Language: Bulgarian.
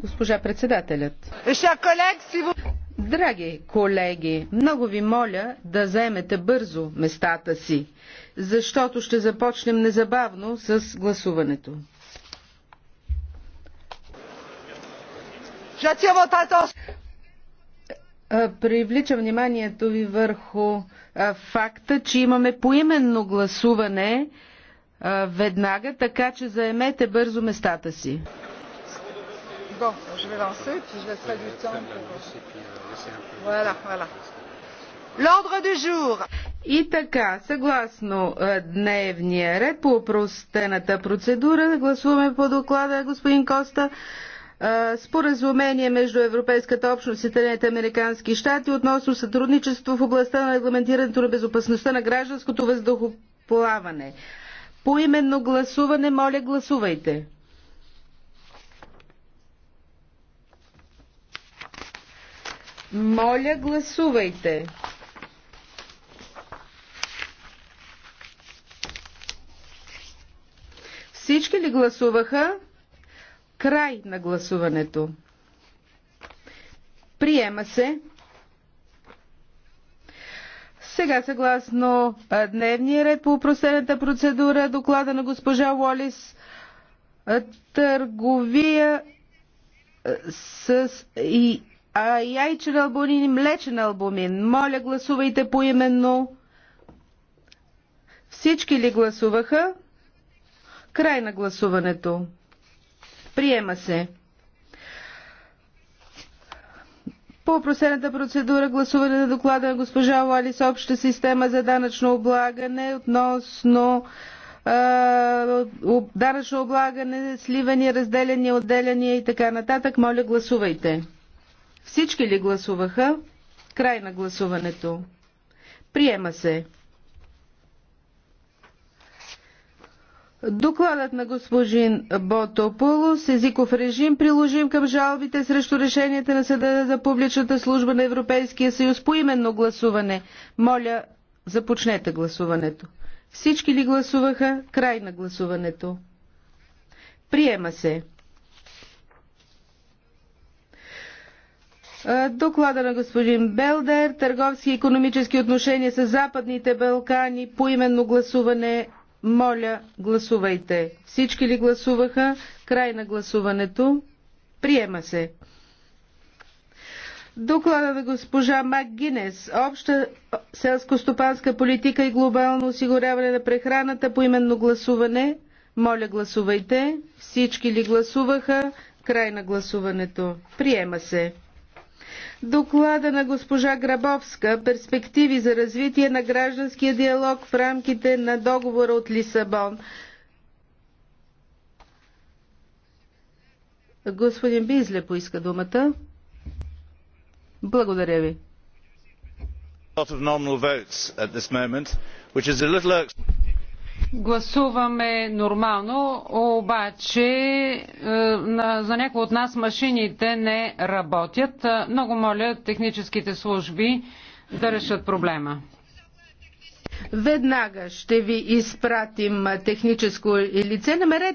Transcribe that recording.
Госпожа председателят. Драги колеги, много ви моля да заемете бързо местата си, защото ще започнем незабавно с гласуването. Привлича вниманието ви върху факта, че имаме поименно гласуване веднага, така че заемете бързо местата си. И така, съгласно дневния ред по простената процедура, гласуваме по доклада господин Коста споразумение между Европейската общност и Съединените американски щати относно сътрудничество в областта на регламентирането на безопасността на гражданското въздухоплаване. Поименно гласуване, моля гласувайте. Моля гласувайте. Всички ли гласуваха? Край на гласуването. Приема се. Сега, съгласно дневния ред по упростената процедура, доклада на госпожа Уолис, търговия с и, а, яйчен албумин и млечен албумин. Моля, гласувайте поименно. Всички ли гласуваха? Край на гласуването. Приема се. По опросената процедура гласуване на доклада на госпожа Лалис Обща система за данъчно облагане относно данъчно облагане, сливане, разделяне, отделяне и така нататък. Моля, гласувайте. Всички ли гласуваха? Край на гласуването. Приема се. Докладът на господин Ботополо с езиков режим, приложим към жалбите срещу решенията на Съда за публичната служба на Европейския съюз по именно гласуване. Моля, започнете гласуването. Всички ли гласуваха? Край на гласуването. Приема се. Доклада на господин Белдер, търговски и економически отношения с Западните Балкани, по именно гласуване моля, гласувайте. Всички ли гласуваха? Край на гласуването. Приема се. Доклада на госпожа МакГинес. Обща селско-стопанска политика и глобално осигуряване на прехраната по именно гласуване. Моля, гласувайте. Всички ли гласуваха? Край на гласуването. Приема се доклада на госпожа Грабовска «Перспективи за развитие на гражданския диалог в рамките на договора от Лисабон». Господин Бизле поиска думата. Благодаря ви гласуваме нормално, обаче е, за някои от нас машините не работят. Е, много моля техническите служби да решат проблема. Веднага ще ви изпратим техническо лице. Намерете